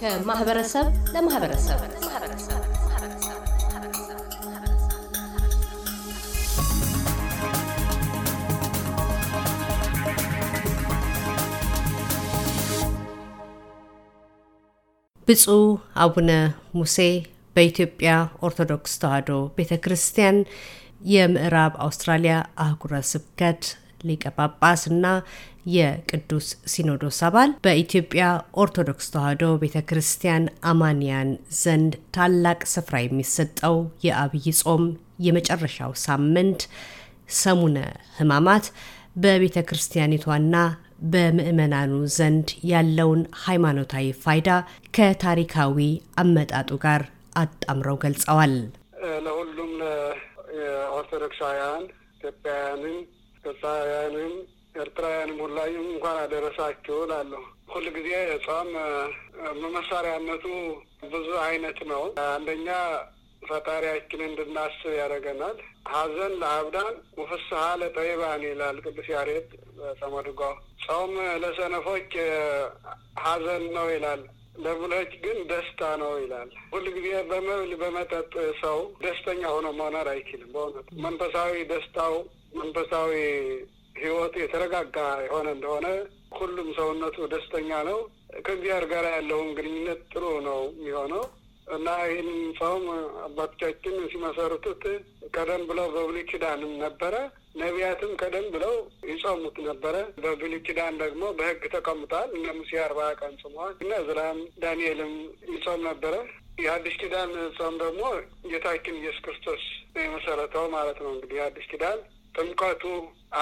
ከማህበረሰብ ለማህበረሰብ ብፁዕ አቡነ ሙሴ በኢትዮጵያ ኦርቶዶክስ ተዋህዶ ቤተ ክርስቲያን የምዕራብ አውስትራሊያ አህጉረ ስብከት ሊቀ ጳጳስ እና የቅዱስ ሲኖዶስ አባል በኢትዮጵያ ኦርቶዶክስ ተዋሕዶ ቤተ ክርስቲያን አማንያን ዘንድ ታላቅ ስፍራ የሚሰጠው የአብይ ጾም የመጨረሻው ሳምንት ሰሙነ ሕማማት በቤተ ክርስቲያኒቷና በምዕመናኑ ዘንድ ያለውን ሃይማኖታዊ ፋይዳ ከታሪካዊ አመጣጡ ጋር አጣምረው ገልጸዋል። ኦርቶዶክሳውያን ኢትዮጵያውያንን፣ ግብፃውያንም ኤርትራውያንም ሁላይም እንኳን አደረሳችሁ እላለሁ። ሁል ጊዜ ጾም መሳሪያነቱ ብዙ አይነት ነው። አንደኛ ፈጣሪያችንን እንድናስብ ያደርገናል። ሀዘን ለአብዳን ውፍስሀ ለጠይባን ይላል ቅዱስ ያሬድ በጸመድጓው። ጾም ለሰነፎች ሀዘን ነው ይላል ለብሎች ግን ደስታ ነው ይላል። ሁልጊዜ በመብል በመጠጥ ሰው ደስተኛ ሆኖ መኖር አይችልም። በእውነት መንፈሳዊ ደስታው መንፈሳዊ ህይወት የተረጋጋ የሆነ እንደሆነ ሁሉም ሰውነቱ ደስተኛ ነው። ከእግዚአብሔር ጋር ያለውን ግንኙነት ጥሩ ነው የሚሆነው። እና ይህን ሰውም አባቶቻችን ሲመሰርቱት ቀደም ብለው በብሉይ ኪዳንም ነበረ፣ ነቢያትም ቀደም ብለው ይጾሙት ነበረ። በብሉይ ኪዳን ደግሞ በሕግ ተቀምጧል። እነ ሙሴ አርባ ቀን ጾመዋል። እነ ዕዝራም ዳንኤልም ይጾም ነበረ። የአዲስ ኪዳን ጾም ደግሞ ጌታችን ኢየሱስ ክርስቶስ የመሰረተው ማለት ነው። እንግዲህ የአዲስ ኪዳን ጥምቀቱ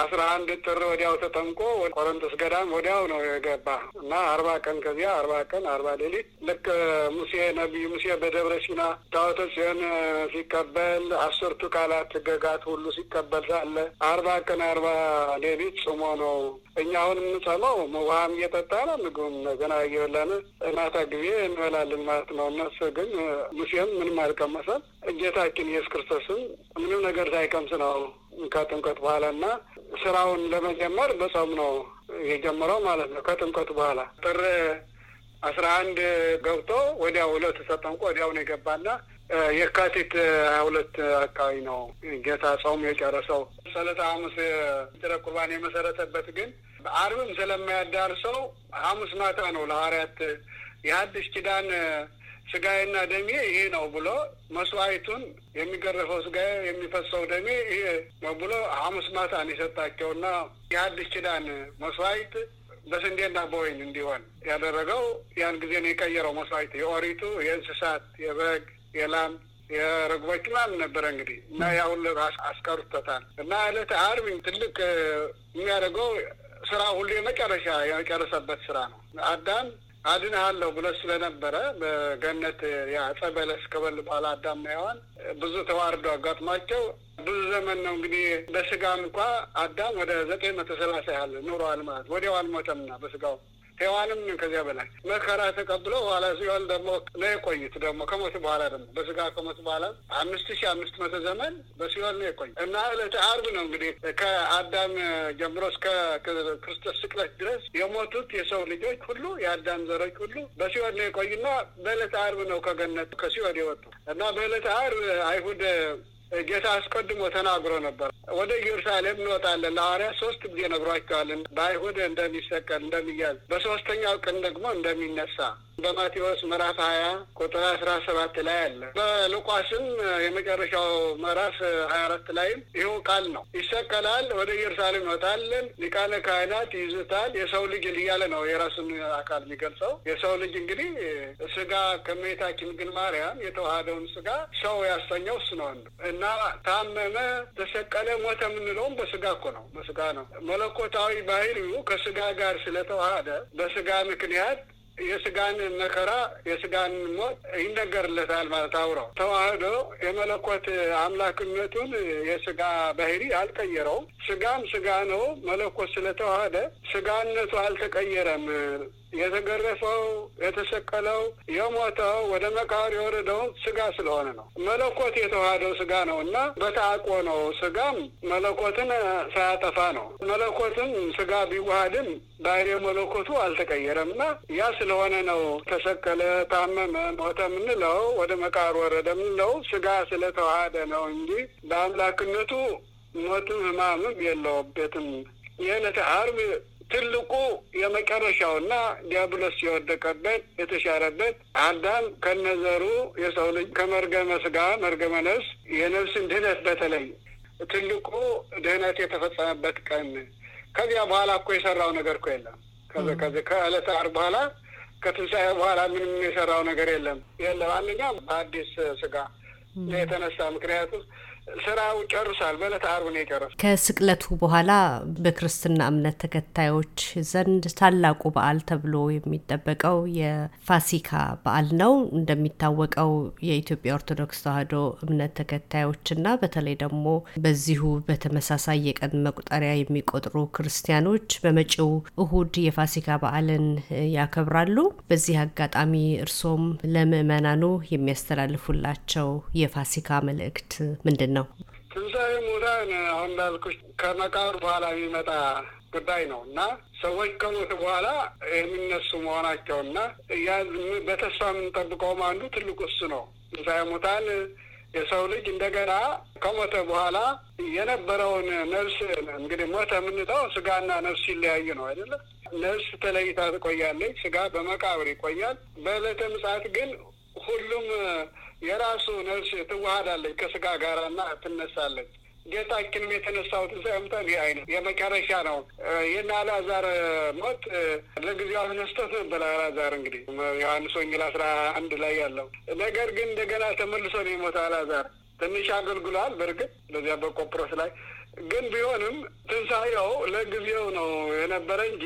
አስራ አንድ ጥር ወዲያው ተጠምቆ ቆሮንቶስ ገዳም ወዲያው ነው የገባ እና አርባ ቀን ከዚያ አርባ ቀን አርባ ሌሊት ልክ ሙሴ ነቢዩ ሙሴ በደብረ ሲና ዳዊተ ጽዮን ሲቀበል አስርቱ ቃላት ሕግጋት ሁሉ ሲቀበል ሳለ አርባ ቀን አርባ ሌሊት ጽሞ ነው። እኛ አሁን የምንጸመው ውሃም እየጠጣ ነው፣ ምግቡም ገና እየበላን እናታ ጊዜ እንበላለን ማለት ነው። እነሱ ግን ሙሴም ምንም አልቀመሰም። ጌታችን ኢየሱስ ክርስቶስም ምንም ነገር ሳይቀምስ ነው ከጥምቀት በኋላ እና ስራውን ለመጀመር በጾም ነው የጀመረው ማለት ነው። ከጥምቀቱ በኋላ ጥር አስራ አንድ ገብቶ ወዲያው ሁለት ተጠምቆ ወዲያው ነው የገባና የካቲት ሀያ ሁለት አካባቢ ነው ጌታ ጾም የጨረሰው። ሰለታ ሐሙስ ጥረ ቁርባን የመሰረተበት ግን በአርብም ስለማያዳርሰው ሐሙስ ማታ ነው ለሐዋርያት የአዲስ ኪዳን ስጋዬና ደሜ ይሄ ነው ብሎ መስዋዕቱን የሚገረፈው ስጋዬ የሚፈሰው ደሜ ይሄ ነው ብሎ ሐሙስ ማታን የሰጣቸውና የአዲስ ኪዳን መስዋዕት በስንዴና በወይን እንዲሆን ያደረገው ያን ጊዜ ነው የቀየረው መስዋዕት። የኦሪቱ የእንስሳት የበግ የላም የረግቦች ምናምን ነበረ እንግዲህ እና ያሁን አስቀርቶታል። እና ዕለተ ዓርብ ትልቅ የሚያደርገው ስራ ሁሉ የመጨረሻ የመጨረሰበት ስራ ነው። አዳም አድንሃለሁ ብሎ ስለነበረ በገነት የዕፀ በለስ ከበሉ በኋላ አዳምና ሔዋን ብዙ ተዋርዶ አጋጥሟቸው ብዙ ዘመን ነው እንግዲህ በስጋም እንኳ አዳም ወደ ዘጠኝ መቶ ሰላሳ ያህል ኑሯል ማለት ወዲያው አልሞተምና በስጋው ሔዋንም ከዚያ በላይ መከራ ተቀብሎ ኋላ ሲሆን ደግሞ ነው የቆይት ደግሞ ከሞት በኋላ ደግሞ በስጋ ከሞት በኋላ አምስት ሺህ አምስት መቶ ዘመን በሲሆን ነው የቆዩ እና ዕለተ ዓርብ ነው እንግዲህ ከአዳም ጀምሮ እስከ ክርስቶስ ስቅለት ድረስ የሞቱት የሰው ልጆች ሁሉ የአዳም ዘሮች ሁሉ በሲሆን ነው የቆይና በዕለተ ዓርብ ነው ከገነት ከሲሆን የወጡ እና በዕለተ ዓርብ አይሁድ ጌታ አስቀድሞ ተናግሮ ነበር። ወደ ኢየሩሳሌም እንወጣለን ለሐዋርያ ሶስት ጊዜ ነግሯቸዋል። በአይሁድ እንደሚሰቀል እንደሚያዝ፣ በሶስተኛው ቀን ደግሞ እንደሚነሳ በማቴዎስ ምዕራፍ ሀያ ቁጥር አስራ ሰባት ላይ አለ። በሉቃስም የመጨረሻው ምዕራፍ ሀያ አራት ላይም ይኸው ቃል ነው። ይሰቀላል፣ ወደ ኢየሩሳሌም ይወጣለን፣ ሊቃነ ካህናት ይዝታል፣ የሰው ልጅ እያለ ነው የራሱን አካል የሚገልጸው። የሰው ልጅ እንግዲህ ስጋ ከእመቤታችን ግን ማርያም የተዋሃደውን ስጋ ሰው ያሰኘው እሱ ነው እና ታመመ፣ ተሰቀለ፣ ሞተ የምንለውም በስጋ እኮ ነው። በስጋ ነው። መለኮታዊ ባህሪው ከስጋ ጋር ስለተዋሃደ በስጋ ምክንያት የስጋን መከራ የስጋን ሞት ይነገርለታል ማለት አውሮ ተዋህዶ የመለኮት አምላክነቱን የስጋ ባህሪ አልቀየረውም። ስጋም ስጋ ነው። መለኮት ስለተዋህደ ስጋነቱ አልተቀየረም። የተገረፈው፣ የተሰቀለው፣ የሞተው ወደ መቃብር የወረደውን ስጋ ስለሆነ ነው። መለኮት የተዋሃደው ስጋ ነው እና በታቆ ነው። ስጋም መለኮትን ሳያጠፋ ነው። መለኮትም ስጋ ቢዋሃድም ባህርይ መለኮቱ አልተቀየረም እና ያ ስለሆነ ነው ተሰቀለ፣ ታመመ፣ ሞተ ምንለው ወደ መቃብር ወረደ ምንለው ስጋ ስለተዋሃደ ነው እንጂ በአምላክነቱ ሞትም ህማምም የለውበትም። የዕለተ ዓርብ ትልቁ የመጨረሻውና ዲያብሎስ የወደቀበት የተሻረበት አዳም ከነዘሩ የሰው ልጅ ከመርገመ ስጋ መርገመ ነፍስ የነፍስን ድህነት በተለይ ትልቁ ድህነት የተፈጸመበት ቀን። ከዚያ በኋላ እኮ የሰራው ነገር እኮ የለም። ከዚ ከዚ ከዕለተ ዓርብ በኋላ ከትንሣኤ በኋላ ምንም የሰራው ነገር የለም የለም። አንደኛ በአዲስ ስጋ የተነሳ ምክንያቱም ስራው ጨርሳል። በዕለተ ዓርብ ነው የጨረሰው። ከስቅለቱ በኋላ በክርስትና እምነት ተከታዮች ዘንድ ታላቁ በዓል ተብሎ የሚጠበቀው የፋሲካ በዓል ነው። እንደሚታወቀው የኢትዮጵያ ኦርቶዶክስ ተዋሕዶ እምነት ተከታዮችና በተለይ ደግሞ በዚሁ በተመሳሳይ የቀን መቁጠሪያ የሚቆጥሩ ክርስቲያኖች በመጪው እሁድ የፋሲካ በዓልን ያከብራሉ። በዚህ አጋጣሚ እርሶም ለምእመናኑ የሚያስተላልፉላቸው የፋሲካ መልእክት ምንድን ምንድን ነው? ትንሣኤ ሙታን አሁን እንዳልኩሽ ከመቃብር በኋላ የሚመጣ ጉዳይ ነው እና ሰዎች ከሞት በኋላ የሚነሱ መሆናቸውና በተስፋ የምንጠብቀውም አንዱ ትልቁ እሱ ነው። ትንሣኤ ሙታን የሰው ልጅ እንደገና ከሞተ በኋላ የነበረውን ነፍስ እንግዲህ ሞተ የምንለው ስጋና ነፍስ ይለያዩ ነው አይደለ? ነፍስ ተለይታ ትቆያለች፣ ስጋ በመቃብር ይቆያል። በዕለተ ምጽአት ግን ሁሉም የራሱ ነፍስ ትዋሃዳለች ከስጋ ጋራና ትነሳለች። ጌታችንም የተነሳው ሳይምጠን ይህ አይነት የመጨረሻ ነው። ይህን አልዓዛር ሞት ለጊዜው አስነስቶት ነበር። አልዓዛር እንግዲህ ዮሐንስ ወንጌል አስራ አንድ ላይ ያለው ነገር ግን እንደገና ተመልሶ ነው የሞት አልዓዛር ትንሽ አገልግሏል። በእርግጥ በዚያ በቆጵሮስ ላይ ግን ቢሆንም ትንሣኤው ለጊዜው ነው የነበረ እንጂ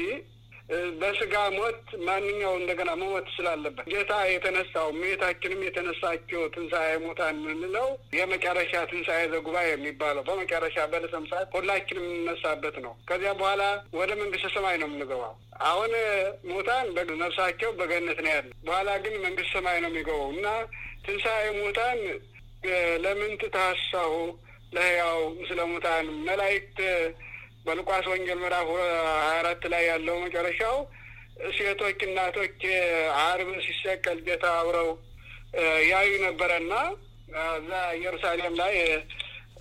በስጋ ሞት ማንኛው እንደገና መሞት ስላለበት ጌታ የተነሳው እመቤታችንም የተነሳችው ትንሣኤ ሙታን የምንለው የመጨረሻ ትንሣኤ ዘጉባኤ የሚባለው በመጨረሻ ሰዓት ሁላችንም የምንነሳበት ነው። ከዚያ በኋላ ወደ መንግስተ ሰማይ ነው የምንገባው። አሁን ሙታን ነፍሳቸው በገነት ነው ያለ፣ በኋላ ግን መንግስተ ሰማይ ነው የሚገባው እና ትንሣኤ ሙታን ለምንት ታሳሁ ለሕያው ምስለ ሙታን መላእክት በሉቃስ ወንጌል ምዕራፍ ሀያ አራት ላይ ያለው መጨረሻው ሴቶች እናቶች አርብ ሲሰቀል ጌታ አብረው ያዩ ነበረና እዛ ኢየሩሳሌም ላይ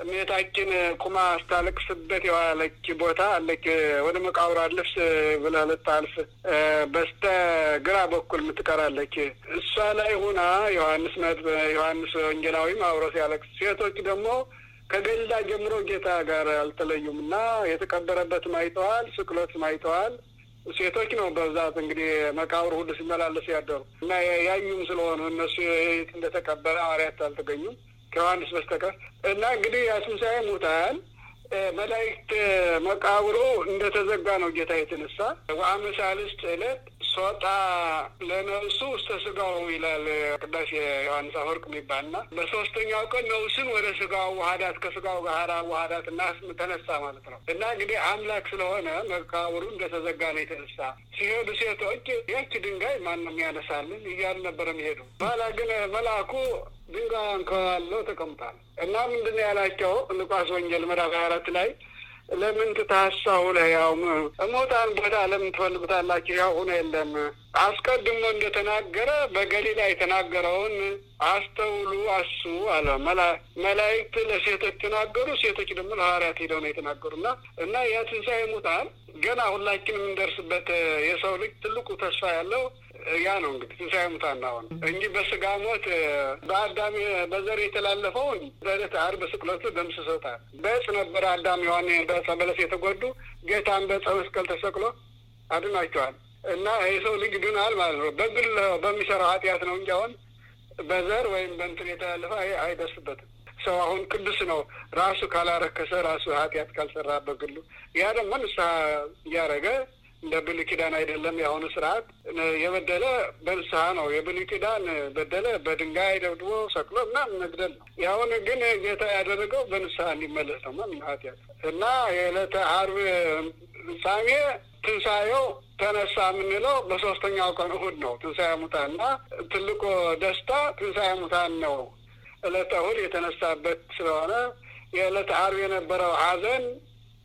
እመቤታችን ቁማ ስታለቅስበት የዋለች ቦታ አለች። ወደ መቃብሯ ልፍስ ብለህ ልታልፍ በስተ ግራ በኩል የምትቀራለች እሷ ላይ ሁና ዮሐንስ ዮሐንስ ወንጌላዊም አብሮ ሲያለቅስ ሴቶች ደግሞ ከገሊላ ጀምሮ ጌታ ጋር አልተለዩም እና የተቀበረበትም አይተዋል፣ ስቅለትም አይተዋል። ሴቶች ነው በብዛት እንግዲህ መቃብር ሁሉ ሲመላለስ ያደሩ እና ያዩም ስለሆኑ እነሱ እንደተቀበረ ሐዋርያት አልተገኙም ከዮሐንስ በስተቀር እና እንግዲህ የትንሣኤ ሙታን መላእክት መቃብሮ እንደተዘጋ ነው ጌታ የተነሳ። ወአመ ሳልስት ዕለት ሶጣ ለነብሱ ውስተ ስጋው ይላል ቅዳሴ ዮሐንስ አፈወርቅ የሚባልና በሶስተኛው ቀን ነብሱን ወደ ስጋው ዋህዳት ከስጋው ጋር ዋህዳት እና ተነሳ ማለት ነው። እና እንግዲህ አምላክ ስለሆነ መቃብሩ እንደተዘጋ ነው የተነሳ። ሲሄዱ ሴቶች ይህች ድንጋይ ማን ነው የሚያነሳልን እያሉ ነበረ የሚሄዱ። በኋላ ግን መልአኩ ድንጋይ አንከባለው ተቀምጧል። እና ምንድን ያላቸው ሉቃስ ወንጌል ምዕራፍ ሀያ አራት ላይ ለምን ትታሳው ላይ ለሕያው እሙታን ቦታ ለምን ትፈልጉታላችሁ? ያው ሆኖ የለም። አስቀድሞ እንደተናገረ በገሊላ የተናገረውን አስተውሉ፣ አሱ አለ። መላእክት ለሴቶች ተናገሩ፣ ሴቶች ደግሞ ለሐዋርያት ሄደው ነው የተናገሩና እና ያ ትንሣኤ ሙታን ገና ሁላችንም እንደርስበት የሰው ልጅ ትልቁ ተስፋ ያለው ያ ነው እንግዲህ ትንሣኤ ሙታን አሁን እንጂ በስጋ ሞት በአዳም በዘር የተላለፈውን በዕለተ ዓርብ ስቅለቱ በምስሰታ በእጽ ነበረ አዳም የሆነ በዕፀ በለስ የተጎዱ ጌታን በዕፀ መስቀል ተሰቅሎ አድናቸዋል። እና የሰው ልጅ ድናል ማለት ነው። በግል በሚሰራው ኃጢአት ነው እንጂ አሁን በዘር ወይም በእንትን የተላለፈ አይደርስበትም። ሰው አሁን ቅዱስ ነው ራሱ ካላረከሰ ራሱ ኃጢአት ካልሰራ በግሉ ያ ደግሞ ንስሐ እያረገ እንደ ብሉይ ኪዳን አይደለም የአሁኑ ስርዓት። የበደለ በንስሐ ነው። የብሉይ ኪዳን በደለ በድንጋይ ደብድቦ ሰቅሎ ምናምን መግደል ነው። የአሁኑ ግን ጌታ ያደረገው በንስሐ እንዲመለስ ነው። ምን ኃጢአት እና የዕለተ ዓርብ ፍጻሜ ትንሣኤው ተነሳ የምንለው በሶስተኛው ቀን እሁድ ነው። ትንሣኤ እና ትልቁ ደስታ ትንሣኤ ሙታን ነው። ዕለተ እሁድ የተነሳበት ስለሆነ የዕለተ ዓርብ የነበረው ሐዘን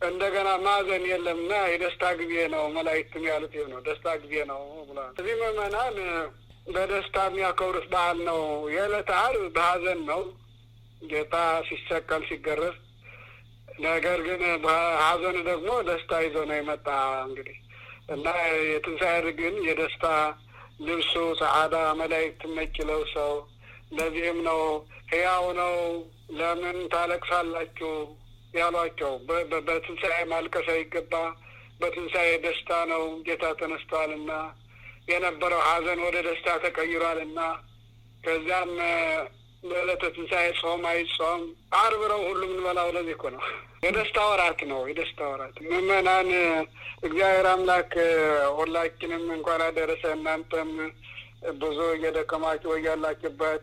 እንደገና ማዘን የለም የለምና የደስታ ጊዜ ነው። መላእክትም ያሉት ይኸው ነው፣ ደስታ ጊዜ ነው ብሏል። እዚህ ምዕመናን በደስታ የሚያከብሩት በዓል ነው። የዕለተ ዓርብ በሀዘን ነው፣ ጌታ ሲሰቀል ሲገረዝ። ነገር ግን ሀዘን ደግሞ ደስታ ይዞ ነው የመጣ እንግዲህ እና የትንሣኤ ግን የደስታ ልብሱ ጸዓዳ መላእክት ነጭ ለብሰው ለዚህም ነው ሕያው ነው ለምን ታለቅሳላችሁ ያሏቸው በትንሣኤ ማልቀስ አይገባ፣ በትንሣኤ ደስታ ነው ጌታ ተነስቷልና የነበረው ሐዘን ወደ ደስታ ተቀይሯልና ከዚያም በዕለተ ትንሣኤ ጾም አይጾም። አርብረው ነው ሁሉም እንበላው። ለዚህ እኮ ነው የደስታ ወራት ነው፣ የደስታ ወራት ምእመናን። እግዚአብሔር አምላክ ሁላችንም እንኳን አደረሰ። እናንተም ብዙ እየደከማችሁ ወያላችሁበት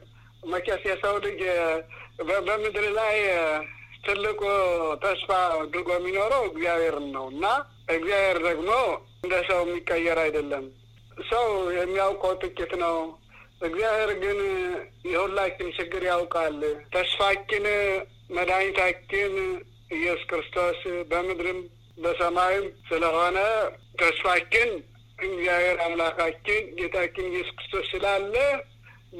መቼስ የሰው ልጅ በምድር ላይ ትልቁ ተስፋ አድርጎ የሚኖረው እግዚአብሔርን ነው እና እግዚአብሔር ደግሞ እንደ ሰው የሚቀየር አይደለም። ሰው የሚያውቀው ጥቂት ነው። እግዚአብሔር ግን የሁላችን ችግር ያውቃል። ተስፋችን መድኃኒታችን ኢየሱስ ክርስቶስ በምድርም በሰማይም ስለሆነ ተስፋችን እግዚአብሔር አምላካችን ጌታችን ኢየሱስ ክርስቶስ ስላለ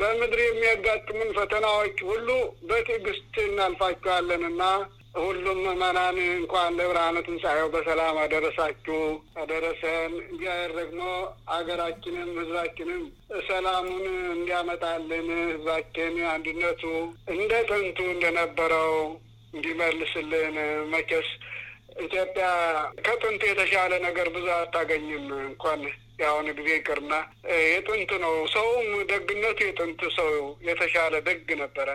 በምድር የሚያጋጥሙን ፈተናዎች ሁሉ በትዕግስት እናልፋቸዋለንና ሁሉም ምዕመናን እንኳን ለብርሃነ ትንሣኤው በሰላም አደረሳችሁ አደረሰን። እግዚአብሔር ደግሞ አገራችንም ሕዝባችንም ሰላሙን እንዲያመጣልን ሕዝባችን አንድነቱ እንደ ጥንቱ እንደነበረው እንዲመልስልን መቼስ ኢትዮጵያ ከጥንት የተሻለ ነገር ብዙ አታገኝም። እንኳን የአሁን ጊዜ ይቅርና የጥንት ነው። ሰውም ደግነቱ የጥንት ሰው የተሻለ ደግ ነበረ።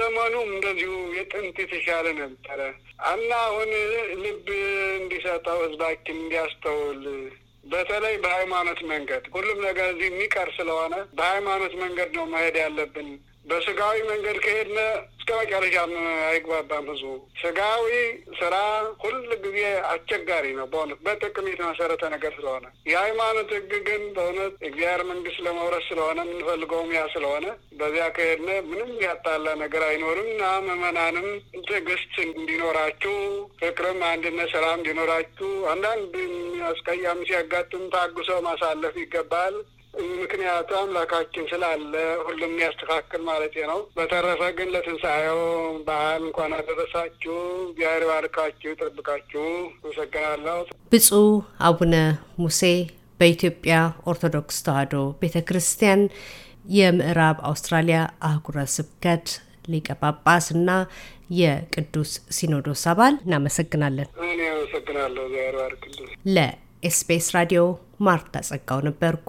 ዘመኑም እንደዚሁ የጥንት የተሻለ ነበረ እና አሁን ልብ እንዲሰጠው ህዝባችን እንዲያስተውል በተለይ በሃይማኖት መንገድ ሁሉም ነገር እዚህ የሚቀር ስለሆነ በሃይማኖት መንገድ ነው መሄድ ያለብን። በስጋዊ መንገድ ከሄድነ እስከ መጨረሻም አይግባባም ህዝቡ። ስጋዊ ስራ ሁል ጊዜ አስቸጋሪ ነው በእውነት በጥቅም የተመሰረተ ነገር ስለሆነ፣ የሃይማኖት ህግ ግን በእውነት እግዚአብሔር መንግስት ለመውረስ ስለሆነ የምንፈልገውም ያ ስለሆነ በዚያ ከሄድነ ምንም ያጣለ ነገር አይኖርም እና ምዕመናንም ትዕግስት እንዲኖራችሁ፣ ፍቅርም፣ አንድነት፣ ሰላም እንዲኖራችሁ አንዳንድ አስቀያሚ ሲያጋጥም ታግሶ ማሳለፍ ይገባል። ምክንያቱ አምላካችን ስላለ ሁሉም ያስተካክል ማለት ነው። በተረፈ ግን ለትንሣኤው በዓል እንኳን አደረሳችሁ። እግዚአብሔር ባርካችሁ ይጠብቃችሁ። አመሰግናለሁ። ብፁዕ አቡነ ሙሴ በኢትዮጵያ ኦርቶዶክስ ተዋሕዶ ቤተ ክርስቲያን የምዕራብ አውስትራሊያ አህጉረ ስብከት ሊቀ ጳጳስ እና የቅዱስ ሲኖዶስ አባል እናመሰግናለን። እኔ አመሰግናለሁ። ለኤስቢኤስ ራዲዮ ማርታ ጸጋው ነበርኩ።